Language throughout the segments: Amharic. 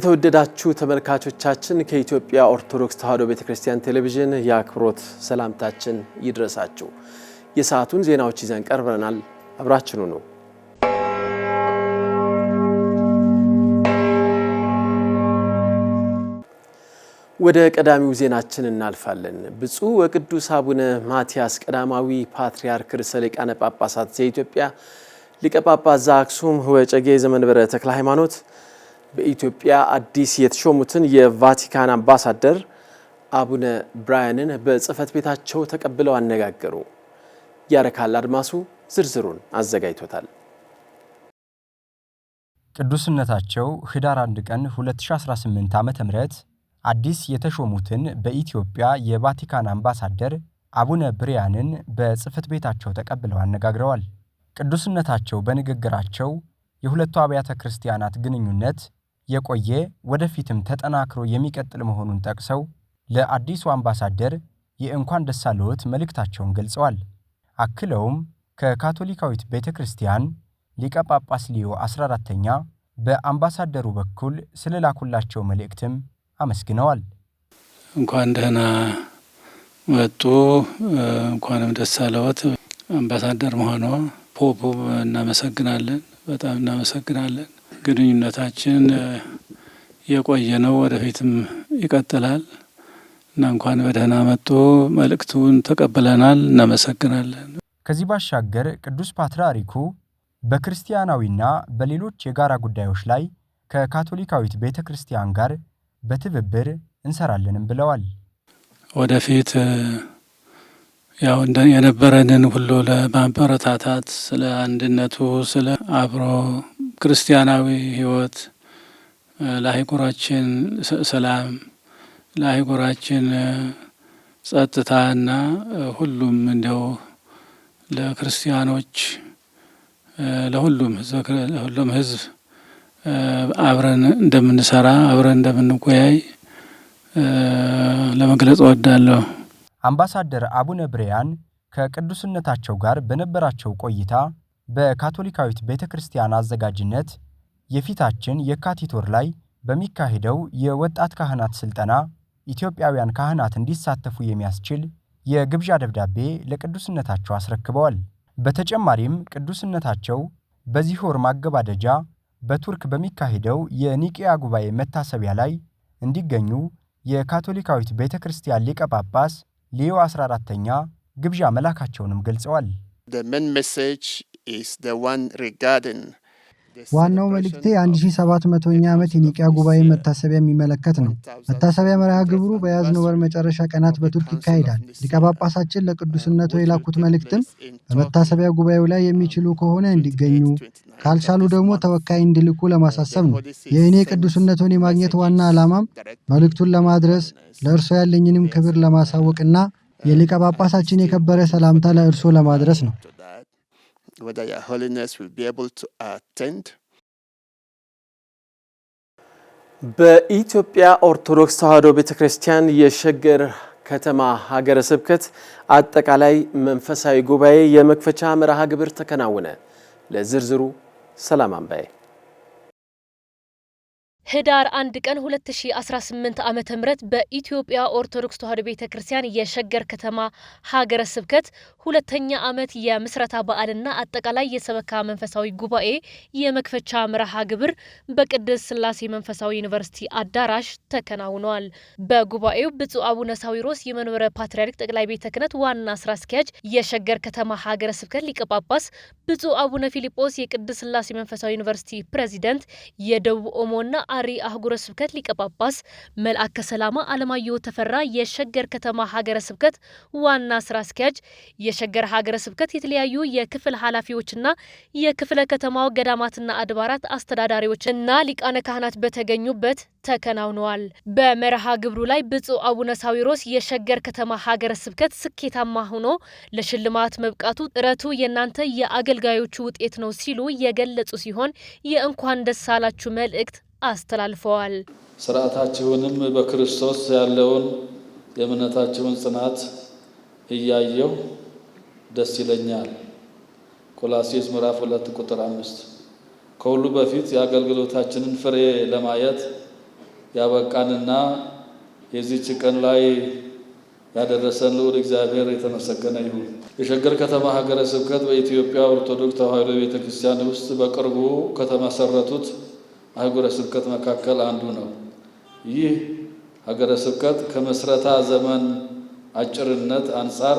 የተወደዳችሁ ተመልካቾቻችን ከኢትዮጵያ ኦርቶዶክስ ተዋሕዶ ቤተ ክርስቲያን ቴሌቪዥን የአክብሮት ሰላምታችን ይድረሳችሁ። የሰዓቱን ዜናዎች ይዘን ቀርበናል። አብራችኑ ነው። ወደ ቀዳሚው ዜናችን እናልፋለን። ብፁዕ ወቅዱስ አቡነ ማትያስ ቀዳማዊ ፓትርያርክ ርዕሰ ሊቃነ ጳጳሳት ዘኢትዮጵያ ሊቀ ጳጳስ ዘአክሱም ወጨጌ ዘመንበረ ተክለ ሃይማኖት በኢትዮጵያ አዲስ የተሾሙትን የቫቲካን አምባሳደር አቡነ ብራያንን በጽህፈት ቤታቸው ተቀብለው አነጋገሩ። ያረካል አድማሱ ዝርዝሩን አዘጋጅቶታል። ቅዱስነታቸው ህዳር 1 ቀን 2018 ዓ ም አዲስ የተሾሙትን በኢትዮጵያ የቫቲካን አምባሳደር አቡነ ብሪያንን በጽህፈት ቤታቸው ተቀብለው አነጋግረዋል። ቅዱስነታቸው በንግግራቸው የሁለቱ አብያተ ክርስቲያናት ግንኙነት የቆየ ወደፊትም ተጠናክሮ የሚቀጥል መሆኑን ጠቅሰው ለአዲሱ አምባሳደር የእንኳን ደስ አለዎት መልእክታቸውን ገልጸዋል። አክለውም ከካቶሊካዊት ቤተ ክርስቲያን ሊቀ ጳጳስ ሊዮ 14ተኛ በአምባሳደሩ በኩል ስለላኩላቸው መልእክትም አመስግነዋል። እንኳን ደህና መጡ፣ እንኳንም ደስ አለዎት አምባሳደር መሆኗ ፖፑ እናመሰግናለን፣ በጣም እናመሰግናለን። ግንኙነታችን የቆየ ነው፣ ወደፊትም ይቀጥላል እና እንኳን በደህና መጥቶ መልእክቱን ተቀብለናል። እናመሰግናለን። ከዚህ ባሻገር ቅዱስ ፓትርያርኩ በክርስቲያናዊና በሌሎች የጋራ ጉዳዮች ላይ ከካቶሊካዊት ቤተ ክርስቲያን ጋር በትብብር እንሰራለንም ብለዋል። ወደፊት ያው የነበረንን ሁሉ ለማበረታታት ስለ አንድነቱ፣ ስለ አብሮ ክርስቲያናዊ ህይወት ለአህጉራችን ሰላም፣ ለአህጉራችን ጸጥታና ሁሉም እንደው ለክርስቲያኖች ለሁሉም ለሁሉም ህዝብ አብረን እንደምንሰራ አብረን እንደምንጎያይ ለመግለጽ እወዳለሁ። አምባሳደር አቡነ ብርያን ከቅዱስነታቸው ጋር በነበራቸው ቆይታ በካቶሊካዊት ቤተ ክርስቲያን አዘጋጅነት የፊታችን የካቲት ወር ላይ በሚካሄደው የወጣት ካህናት ስልጠና ኢትዮጵያውያን ካህናት እንዲሳተፉ የሚያስችል የግብዣ ደብዳቤ ለቅዱስነታቸው አስረክበዋል። በተጨማሪም ቅዱስነታቸው በዚህ ወር ማገባደጃ በቱርክ በሚካሄደው የኒቅያ ጉባኤ መታሰቢያ ላይ እንዲገኙ የካቶሊካዊት ቤተ ክርስቲያን ሊቀ ጳጳስ ሊዮ 14ተኛ ግብዣ መላካቸውንም ገልጸዋል። ዋናው መልእክቴ 1700ኛ ዓመት የኒቅያ ጉባኤ uh, መታሰቢያ የሚመለከት ነው። መታሰቢያ መርሃ ግብሩ በያዝነው ወር መጨረሻ ቀናት በቱርክ ይካሄዳል። ሊቀ ጳጳሳችን ለቅዱስነቱ የላኩት መልእክትም በመታሰቢያ ጉባኤው ላይ የሚችሉ um, ከሆነ እንዲገኙ፣ ካልቻሉ ደግሞ ተወካይ እንዲልኩ ለማሳሰብ ነው። የእኔ ቅዱስነቱን የማግኘት ዋና ዓላማም መልእክቱን ለማድረስ ለእርሶ ያለኝንም ክብር ለማሳወቅና uh, የሊቀ ጳጳሳችን የከበረ ሰላምታ ለእርሶ ለማድረስ ነው። uh, whether Your Holiness will be able to attend. በኢትዮጵያ ኦርቶዶክስ ተዋሕዶ ቤተ ክርስቲያን የሸገር ከተማ ሀገረ ስብከት አጠቃላይ መንፈሳዊ ጉባኤ የመክፈቻ መርሃ ግብር ተከናወነ። ለዝርዝሩ ሰላም አምባዬ ህዳር አንድ ቀን 2018 ዓ ም በኢትዮጵያ ኦርቶዶክስ ተዋሕዶ ቤተ ክርስቲያን የሸገር ከተማ ሀገረ ስብከት ሁለተኛ ዓመት የምስረታ በዓልና አጠቃላይ የሰበካ መንፈሳዊ ጉባኤ የመክፈቻ መርሃ ግብር በቅድስት ስላሴ መንፈሳዊ ዩኒቨርሲቲ አዳራሽ ተከናውኗል። በጉባኤው ብፁዕ አቡነ ሳዊሮስ የመንበረ ፓትርያርክ ጠቅላይ ቤተ ክህነት ዋና ስራ አስኪያጅ፣ የሸገር ከተማ ሀገረ ስብከት ሊቀ ጳጳስ፣ ብፁዕ አቡነ ፊልጶስ የቅድስት ስላሴ መንፈሳዊ ዩኒቨርሲቲ ፕሬዚደንት፣ የደቡብ ኦሞና አሪ አህጉረ ስብከት ሊቀ ጳጳስ መልአከ ሰላማ አለማየሁ ተፈራ፣ የሸገር ከተማ ሀገረ ስብከት ዋና ስራ አስኪያጅ፣ የሸገር ሀገረ ስብከት የተለያዩ የክፍል ኃላፊዎችና የክፍለ ከተማው ገዳማትና አድባራት አስተዳዳሪዎች እና ሊቃነ ካህናት በተገኙበት ተከናውነዋል። በመርሃ ግብሩ ላይ ብፁዕ አቡነ ሳዊሮስ የሸገር ከተማ ሀገረ ስብከት ስኬታማ ሆኖ ለሽልማት መብቃቱ ጥረቱ የእናንተ የአገልጋዮቹ ውጤት ነው ሲሉ የገለጹ ሲሆን የእንኳን ደስ አላችሁ መልእክት አስተላልፈዋል። ስርዓታችሁንም በክርስቶስ ያለውን የእምነታችሁን ጽናት እያየው ደስ ይለኛል። ቆላሲስ ምዕራፍ ሁለት ቁጥር አምስት ከሁሉ በፊት የአገልግሎታችንን ፍሬ ለማየት ያበቃንና የዚህ ቀን ላይ ያደረሰን ልዑል እግዚአብሔር የተመሰገነ ይሁን። የሸገር ከተማ ሀገረ ስብከት በኢትዮጵያ ኦርቶዶክስ ተዋሕዶ ቤተ ክርስቲያን ውስጥ በቅርቡ ከተመሰረቱት አህጉረ ስብከት መካከል አንዱ ነው። ይህ ሀገረ ስብከት ከመስረታ ዘመን አጭርነት አንጻር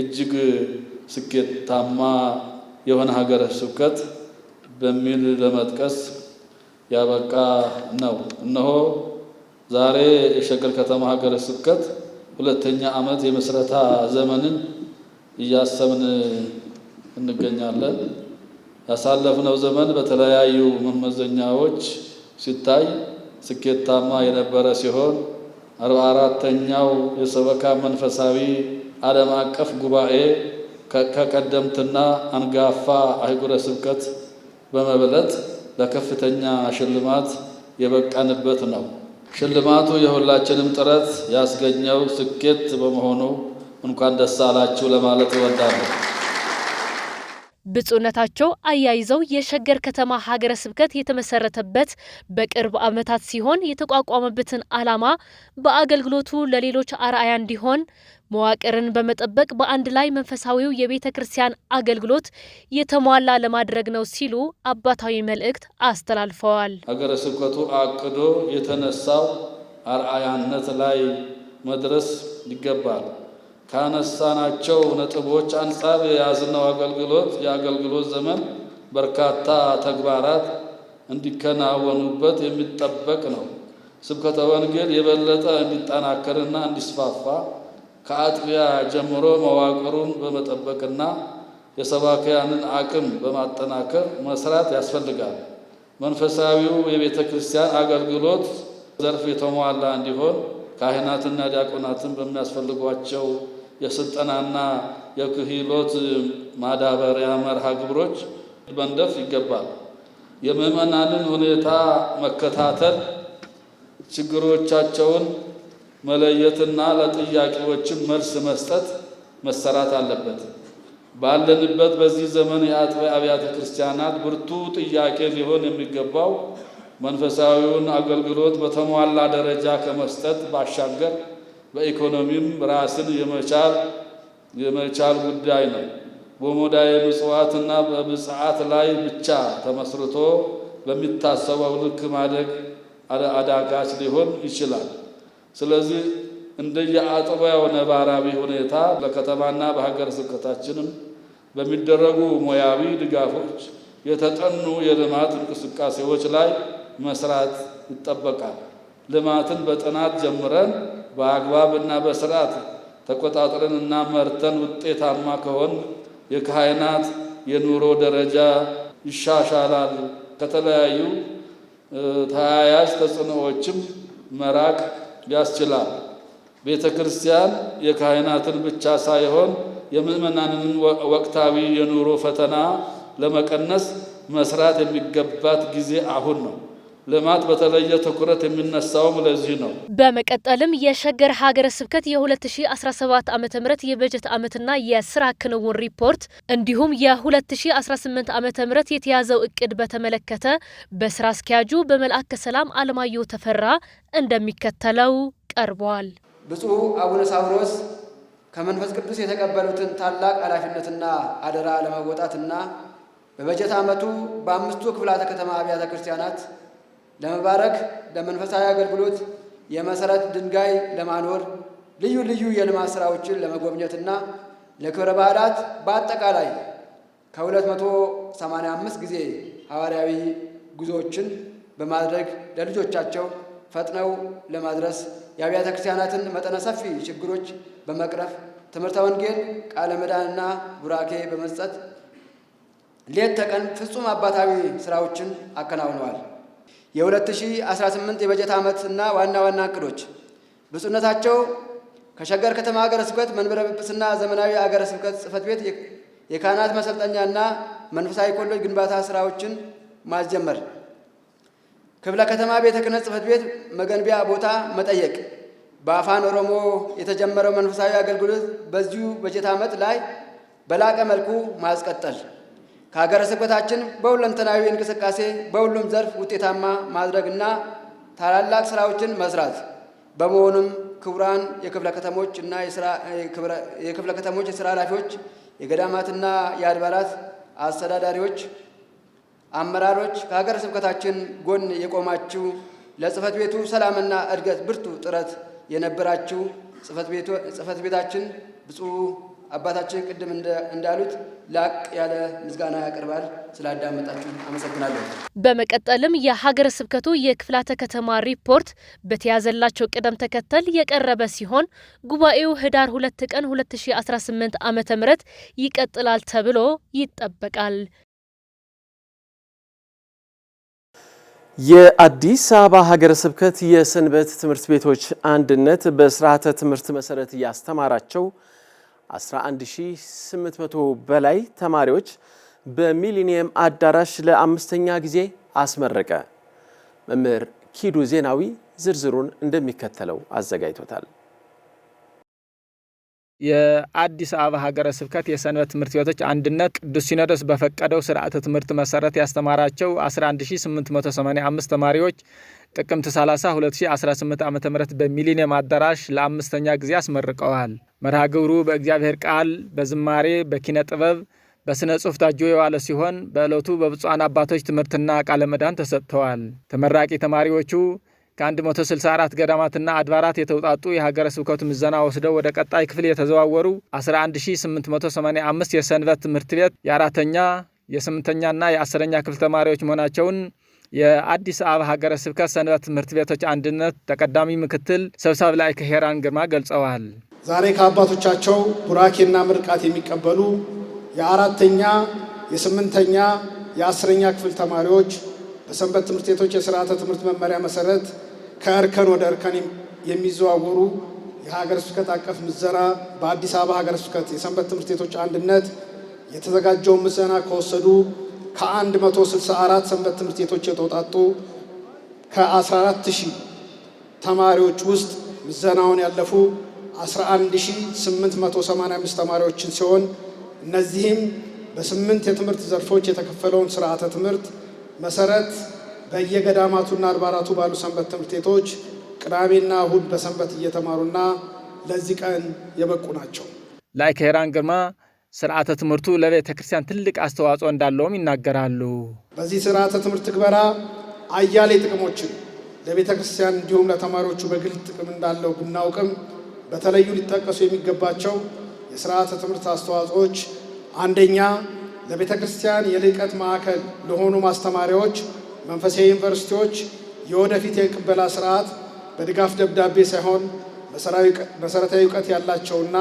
እጅግ ስኬታማ የሆነ ሀገረ ስብከት በሚል ለመጥቀስ ያበቃ ነው። እነሆ ዛሬ የሸገር ከተማ ሀገረ ስብከት ሁለተኛ ዓመት የመስረታ ዘመንን እያሰብን እንገኛለን። ያሳለፍነው ዘመን በተለያዩ መመዘኛዎች ሲታይ ስኬታማ የነበረ ሲሆን አርባ አራተኛው የሰበካ መንፈሳዊ ዓለም አቀፍ ጉባኤ ከቀደምትና አንጋፋ አህጉረ ስብከት በመብለጥ ለከፍተኛ ሽልማት የበቃንበት ነው። ሽልማቱ የሁላችንም ጥረት ያስገኘው ስኬት በመሆኑ እንኳን ደስ አላችሁ ለማለት እወዳለሁ። ብፁዕነታቸው አያይዘው የሸገር ከተማ ሀገረ ስብከት የተመሰረተበት በቅርብ ዓመታት ሲሆን የተቋቋመበትን ዓላማ በአገልግሎቱ ለሌሎች አርአያ እንዲሆን መዋቅርን በመጠበቅ በአንድ ላይ መንፈሳዊው የቤተ ክርስቲያን አገልግሎት የተሟላ ለማድረግ ነው ሲሉ አባታዊ መልእክት አስተላልፈዋል። ሀገረ ስብከቱ አቅዶ የተነሳው አርአያነት ላይ መድረስ ይገባል። ካነሳናቸው ነጥቦች አንጻር የያዝነው አገልግሎት የአገልግሎት ዘመን በርካታ ተግባራት እንዲከናወኑበት የሚጠበቅ ነው። ስብከተ ወንጌል የበለጠ እንዲጠናከርና እንዲስፋፋ ከአጥቢያ ጀምሮ መዋቅሩን በመጠበቅና የሰባክያንን አቅም በማጠናከር መስራት ያስፈልጋል። መንፈሳዊው የቤተ ክርስቲያን አገልግሎት ዘርፍ የተሟላ እንዲሆን ካህናትና ዲያቆናትን በሚያስፈልጓቸው የስልጠናና የክህሎት ማዳበሪያ መርሃ ግብሮች መንደፍ ይገባል። የምዕመናንን ሁኔታ መከታተል፣ ችግሮቻቸውን መለየትና ለጥያቄዎችም መልስ መስጠት መሰራት አለበት። ባለንበት በዚህ ዘመን የአጥቢያ አብያተ ክርስቲያናት ብርቱ ጥያቄ ሊሆን የሚገባው መንፈሳዊውን አገልግሎት በተሟላ ደረጃ ከመስጠት ባሻገር በኢኮኖሚም ራስን የመቻል የመቻል ጉዳይ ነው። በሞዳየ ምጽዋትና በምጽዓት ላይ ብቻ ተመስርቶ በሚታሰበው ልክ ማደግ አዳጋች ሊሆን ይችላል። ስለዚህ የሆነ ነባራዊ ሁኔታ በከተማና በሀገር ስብከታችንም በሚደረጉ ሙያዊ ድጋፎች የተጠኑ የልማት እንቅስቃሴዎች ላይ መስራት ይጠበቃል። ልማትን በጥናት ጀምረን በአግባብና በስርዓት ተቆጣጥረን እና መርተን ውጤታማ ከሆን የካህናት የኑሮ ደረጃ ይሻሻላል። ከተለያዩ ተያያዥ ተጽዕኖዎችም መራቅ ያስችላል። ቤተ ክርስቲያን የካህናትን ብቻ ሳይሆን የምዕመናንን ወቅታዊ የኑሮ ፈተና ለመቀነስ መስራት የሚገባት ጊዜ አሁን ነው። ልማት በተለየ ትኩረት የሚነሳውም ለዚህ ነው። በመቀጠልም የሸገር ሀገረ ስብከት የ2017 ዓ ም የበጀት ዓመትና የስራ ክንውን ሪፖርት እንዲሁም የ2018 ዓ ም የተያዘው እቅድ በተመለከተ በስራ አስኪያጁ በመልአከ ሰላም አለማየሁ ተፈራ እንደሚከተለው ቀርቧል። ብፁዕ አቡነ ሳዊሮስ ከመንፈስ ቅዱስ የተቀበሉትን ታላቅ ኃላፊነትና አደራ ለመወጣትና በበጀት ዓመቱ በአምስቱ ክፍላተ ከተማ አብያተ ክርስቲያናት ለመባረክ ለመንፈሳዊ አገልግሎት የመሰረት ድንጋይ ለማኖር ልዩ ልዩ የልማት ስራዎችን ለመጎብኘትና ለክብረ በዓላት በአጠቃላይ ከ285 ጊዜ ሐዋርያዊ ጉዞዎችን በማድረግ ለልጆቻቸው ፈጥነው ለማድረስ የአብያተ ክርስቲያናትን መጠነ ሰፊ ችግሮች በመቅረፍ ትምህርተ ወንጌል፣ ቃለ ምዕዳንና ቡራኬ በመስጠት ሌት ተቀን ፍጹም አባታዊ ስራዎችን አከናውነዋል። የ2018 የበጀት ዓመት እና ዋና ዋና እቅዶች ብፁዕነታቸው ከሸገር ከተማ ሀገረ ስብከት መንበረ ጵጵስና ዘመናዊ ሀገረ ስብከት ጽሕፈት ቤት የካህናት መሰልጠኛ እና መንፈሳዊ ኮሌጅ ግንባታ ስራዎችን ማስጀመር፣ ክፍለ ከተማ ቤተ ክህነት ጽሕፈት ቤት መገንቢያ ቦታ መጠየቅ፣ በአፋን ኦሮሞ የተጀመረው መንፈሳዊ አገልግሎት በዚሁ በጀት ዓመት ላይ በላቀ መልኩ ማስቀጠል ከሀገረ ስብከታችን በሁለንተናዊ እንቅስቃሴ በሁሉም ዘርፍ ውጤታማ ማድረግና ታላላቅ ስራዎችን መስራት በመሆኑም ክቡራን የክፍለ ከተሞች እና የክፍለ ከተሞች የስራ ኃላፊዎች፣ የገዳማትና የአድባራት አስተዳዳሪዎች፣ አመራሮች ከሀገረ ስብከታችን ጎን የቆማችሁ ለጽህፈት ቤቱ ሰላምና እድገት ብርቱ ጥረት የነበራችሁ ጽህፈት ቤታችን ብፁዕ አባታችን ቅድም እንዳሉት ላቅ ያለ ምስጋና ያቀርባል። ስላዳመጣችሁ አመሰግናለሁ። በመቀጠልም የሀገረ ስብከቱ የክፍላተ ከተማ ሪፖርት በተያዘላቸው ቅደም ተከተል የቀረበ ሲሆን ጉባኤው ህዳር ሁለት ቀን 2018 ዓ ም ይቀጥላል ተብሎ ይጠበቃል። የአዲስ አበባ ሀገረ ስብከት የሰንበት ትምህርት ቤቶች አንድነት በስርዓተ ትምህርት መሰረት እያስተማራቸው 11800 በላይ ተማሪዎች በሚሊኒየም አዳራሽ ለአምስተኛ ጊዜ አስመረቀ። መምህር ኪዱ ዜናዊ ዝርዝሩን እንደሚከተለው አዘጋጅቶታል። የአዲስ አበባ ሀገረ ስብከት የሰንበት ትምህርት ቤቶች አንድነት ቅዱስ ሲኖዶስ በፈቀደው ስርዓተ ትምህርት መሰረት ያስተማራቸው 11885 ተማሪዎች ጥቅምት 30 2018 ዓ ም በሚሊኒየም አዳራሽ ለአምስተኛ ጊዜ አስመርቀዋል። መርሃ ግብሩ በእግዚአብሔር ቃል፣ በዝማሬ፣ በኪነ ጥበብ፣ በሥነ ጽሑፍ ታጅቦ የዋለ ሲሆን በዕለቱ በብፁዓን አባቶች ትምህርትና ቃለ መዳን ተሰጥተዋል። ተመራቂ ተማሪዎቹ ከ164 ገዳማትና አድባራት የተውጣጡ የሀገረ ስብከቱ ምዘና ወስደው ወደ ቀጣይ ክፍል የተዘዋወሩ 11885 የሰንበት ትምህርት ቤት የአራተኛ የስምንተኛና የአስረኛ ክፍል ተማሪዎች መሆናቸውን የአዲስ አበባ ሀገረ ስብከት ሰንበት ትምህርት ቤቶች አንድነት ተቀዳሚ ምክትል ሰብሳቢ ላይ ከሄራን ግርማ ገልጸዋል። ዛሬ ከአባቶቻቸው ቡራኬና ምርቃት የሚቀበሉ የአራተኛ የስምንተኛ የአስረኛ ክፍል ተማሪዎች በሰንበት ትምህርት ቤቶች የስርዓተ ትምህርት መመሪያ መሰረት ከእርከን ወደ እርከን የሚዘዋወሩ የሀገረ ስብከት አቀፍ ምዘና በአዲስ አበባ ሀገረ ስብከት የሰንበት ትምህርት ቤቶች አንድነት የተዘጋጀውን ምዘና ከወሰዱ ከ164 ሰንበት ትምህርት ቤቶች የተውጣጡ ከ14000 ተማሪዎች ውስጥ ምዘናውን ያለፉ 11885 ተማሪዎችን ሲሆን እነዚህም በስምንት የትምህርት ዘርፎች የተከፈለውን ስርዓተ ትምህርት መሰረት በየገዳማቱና አድባራቱ ባሉ ሰንበት ትምህርት ቤቶች ቅዳሜና እሁድ በሰንበት እየተማሩና ለዚህ ቀን የበቁ ናቸው። ላይከሄራን ግርማ ስርዓተ ትምህርቱ ለቤተ ክርስቲያን ትልቅ አስተዋጽኦ እንዳለውም ይናገራሉ። በዚህ ስርዓተ ትምህርት ትግበራ አያሌ ጥቅሞችን ለቤተ ክርስቲያን እንዲሁም ለተማሪዎቹ በግል ጥቅም እንዳለው ብናውቅም በተለዩ ሊጠቀሱ የሚገባቸው የስርዓተ ትምህርት አስተዋጽኦች አንደኛ ለቤተ ክርስቲያን የልዕቀት ማዕከል ለሆኑ ማስተማሪያዎች መንፈሳዊ ዩኒቨርሲቲዎች የወደፊት የቅበላ ስርዓት በድጋፍ ደብዳቤ ሳይሆን መሰረታዊ እውቀት ያላቸውና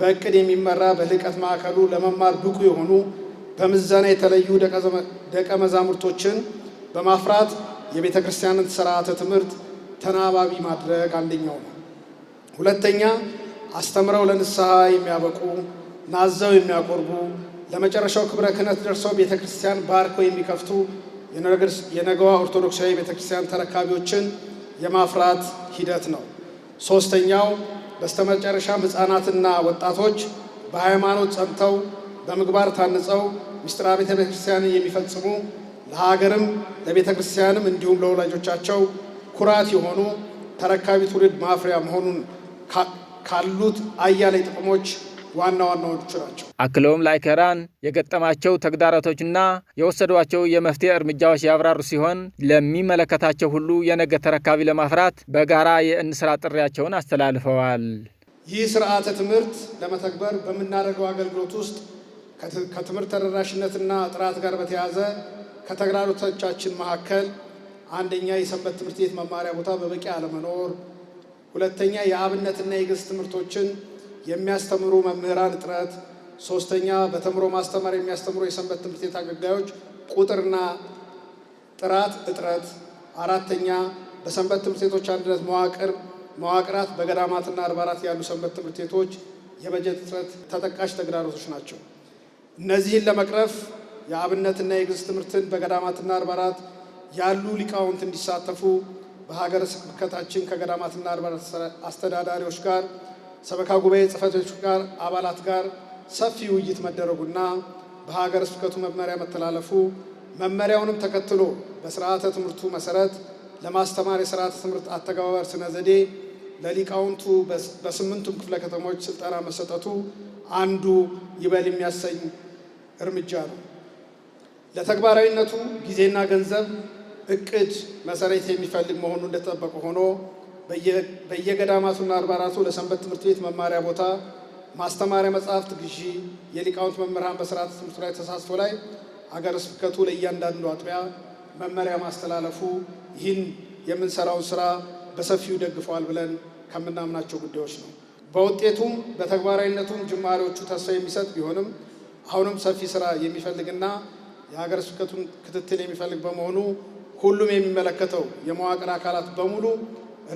በእቅድ የሚመራ በልዕቀት ማዕከሉ ለመማር ብቁ የሆኑ በምዘና የተለዩ ደቀ መዛሙርቶችን በማፍራት የቤተ ክርስቲያንን ስርዓተ ትምህርት ተናባቢ ማድረግ አንደኛው ነው። ሁለተኛ አስተምረው ለንስሐ የሚያበቁ ናዘው የሚያቆርቡ ለመጨረሻው ክብረ ክህነት ደርሰው ቤተ ክርስቲያን ባርከው የሚከፍቱ የነገዋ ኦርቶዶክሳዊ ቤተ ክርስቲያን ተረካቢዎችን የማፍራት ሂደት ነው። ሶስተኛው በስተመጨረሻም ሕፃናትና ወጣቶች በሃይማኖት ጸንተው በምግባር ታንጸው ምስጢረ ቤተ ክርስቲያንን የሚፈጽሙ ለሀገርም ለቤተ ክርስቲያንም እንዲሁም ለወላጆቻቸው ኩራት የሆኑ ተረካቢ ትውልድ ማፍሪያ መሆኑን ካሉት አያሌ ጥቅሞች ዋና ዋናዎቹ ናቸው። አክለውም ላይከራን የገጠማቸው ተግዳሮቶችና የወሰዷቸው የመፍትሄ እርምጃዎች ያብራሩ ሲሆን ለሚመለከታቸው ሁሉ የነገ ተረካቢ ለማፍራት በጋራ የእንስራ ጥሪያቸውን አስተላልፈዋል። ይህ ስርዓተ ትምህርት ለመተግበር በምናደርገው አገልግሎት ውስጥ ከትምህርት ተደራሽነትና ጥራት ጋር በተያያዘ ከተግዳሮቶቻችን መካከል አንደኛ የሰንበት ትምህርት ቤት መማሪያ ቦታ በበቂ አለመኖር ሁለተኛ የአብነትና የግዕዝ ትምህርቶችን የሚያስተምሩ መምህራን እጥረት፣ ሶስተኛ በተምሮ ማስተማር የሚያስተምሩ የሰንበት ትምህርት ቤት አገልጋዮች ቁጥርና ጥራት እጥረት፣ አራተኛ በሰንበት ትምህርት ቤቶች አንድነት መዋቅር መዋቅራት በገዳማትና አድባራት ያሉ ሰንበት ትምህርት ቤቶች የበጀት እጥረት ተጠቃሽ ተግዳሮቶች ናቸው። እነዚህን ለመቅረፍ የአብነትና የግዕዝ ትምህርትን በገዳማትና አድባራት ያሉ ሊቃውንት እንዲሳተፉ በሀገረ ስብከታችን ከገዳማትና አድባራት አስተዳዳሪዎች ጋር ሰበካ ጉባኤ ጽፈቶች ጋር አባላት ጋር ሰፊ ውይይት መደረጉና በሀገረ ስብከቱ መመሪያ መተላለፉ መመሪያውንም ተከትሎ በስርዓተ ትምህርቱ መሰረት ለማስተማር የስርዓተ ትምህርት አተገባበር ስነ ዘዴ ለሊቃውንቱ በስምንቱም ክፍለ ከተሞች ስልጠና መሰጠቱ አንዱ ይበል የሚያሰኝ እርምጃ ነው። ለተግባራዊነቱ ጊዜና ገንዘብ እቅድ መሰረት የሚፈልግ መሆኑ እንደተጠበቀ ሆኖ በየገዳማቱና አድባራቱ ለሰንበት ትምህርት ቤት መማሪያ ቦታ ማስተማሪያ መጽሐፍት ግዢ የሊቃውንት መምህራን በስርዓተ ትምህርቱ ላይ ተሳትፎ ላይ አገር ስብከቱ ለእያንዳንዱ አጥቢያ መመሪያ ማስተላለፉ ይህን የምንሰራውን ስራ በሰፊው ደግፈዋል ብለን ከምናምናቸው ጉዳዮች ነው። በውጤቱም በተግባራዊነቱም ጅማሬዎቹ ተስፋ የሚሰጥ ቢሆንም አሁንም ሰፊ ስራ የሚፈልግና የሀገረ ስብከቱን ክትትል የሚፈልግ በመሆኑ ሁሉም የሚመለከተው የመዋቅር አካላት በሙሉ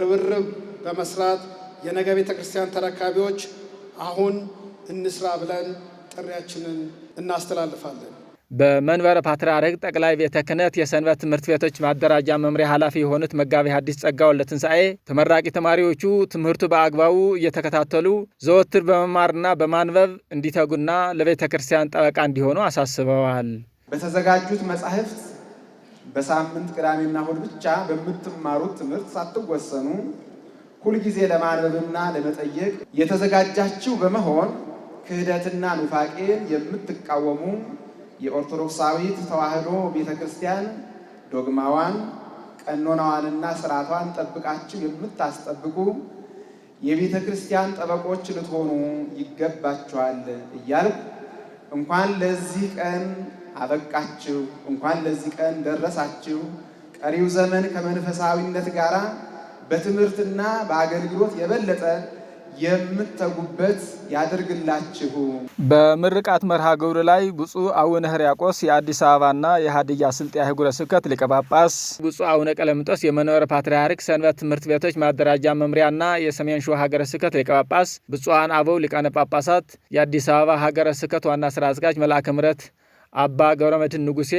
ርብርብ በመስራት የነገ ቤተ ክርስቲያን ተረካቢዎች አሁን እንስራ ብለን ጥሪያችንን እናስተላልፋለን። በመንበረ ፓትርያርክ ጠቅላይ ቤተ ክህነት የሰንበት ትምህርት ቤቶች ማደራጃ መምሪያ ኃላፊ የሆኑት መጋቢ ሐዲስ ጸጋው ለትንሣኤ ተመራቂ ተማሪዎቹ ትምህርቱ በአግባቡ እየተከታተሉ ዘወትር በመማርና በማንበብ እንዲተጉና ለቤተ ክርስቲያን ጠበቃ እንዲሆኑ አሳስበዋል። በተዘጋጁት መጻሕፍት በሳምንት ቅዳሜና እሑድ ብቻ በምትማሩት ትምህርት ሳትወሰኑ ሁልጊዜ ለማንበብና ለመጠየቅ የተዘጋጃችሁ በመሆን ክህደትና ኑፋቄን የምትቃወሙ የኦርቶዶክሳዊት ተዋሕዶ ቤተ ክርስቲያን ዶግማዋን ቀኖናዋንና ስርዓቷን ጠብቃችሁ የምታስጠብቁ የቤተ ክርስቲያን ጠበቆች ልትሆኑ ይገባችኋል እያልኩ እንኳን ለዚህ ቀን አበቃችሁ፣ እንኳን ለዚህ ቀን ደረሳችሁ። ቀሪው ዘመን ከመንፈሳዊነት ጋር በትምህርትና በአገልግሎት የበለጠ የምትተጉበት ያደርግላችሁ። በምርቃት መርሃ ግብር ላይ ብፁዕ አቡነ ሕርያቆስ የአዲስ አበባና የሀዲያ ስልጤ አህጉረ ስብከት ሊቀ ጳጳስ፣ ብፁዕ አቡነ ቀለምጦስ የመንበረ ፓትርያርክ ሰንበት ትምህርት ቤቶች ማደራጃ መምሪያና የሰሜን ሸዋ ሀገረ ስብከት ሊቀ ጳጳስ፣ ብፁዓን አበው ሊቃነ ጳጳሳት፣ የአዲስ አበባ ሀገረ ስብከት ዋና ስራ አስኪያጅ መልአከ ምሕረት አባ ገብረመድህን ንጉሴ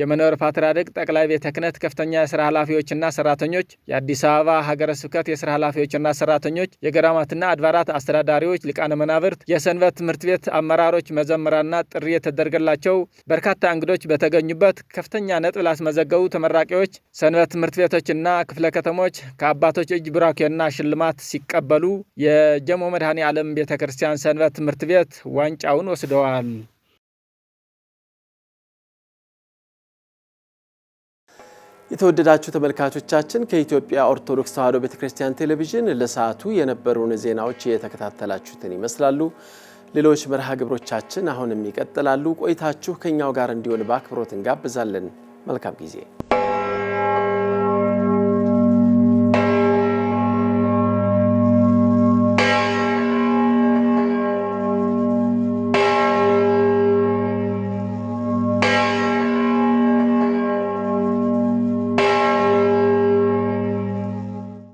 የመንበረ ፓትርያርክ ጠቅላይ ቤተ ክህነት ከፍተኛ የስራ ኃላፊዎችና ሰራተኞች፣ የአዲስ አበባ ሀገረ ስብከት የስራ ኃላፊዎችና ሰራተኞች፣ የገዳማትና አድባራት አስተዳዳሪዎች፣ ሊቃነ መናብርት፣ የሰንበት ትምህርት ቤት አመራሮች፣ መዘምራና ጥሪ የተደረገላቸው በርካታ እንግዶች በተገኙበት ከፍተኛ ነጥብ ላስመዘገቡ ተመራቂዎች ሰንበት ትምህርት ቤቶችና ክፍለ ከተሞች ከአባቶች እጅ ቡራኬና ሽልማት ሲቀበሉ የጀሞ መድኃኔ ዓለም ቤተ ክርስቲያን ሰንበት ትምህርት ቤት ዋንጫውን ወስደዋል። የተወደዳችሁ ተመልካቾቻችን ከኢትዮጵያ ኦርቶዶክስ ተዋሕዶ ቤተክርስቲያን ቴሌቪዥን ለሰዓቱ የነበሩን ዜናዎች የተከታተላችሁትን ይመስላሉ። ሌሎች መርሃ ግብሮቻችን አሁንም ይቀጥላሉ። ቆይታችሁ ከእኛው ጋር እንዲሆን በአክብሮት እንጋብዛለን። መልካም ጊዜ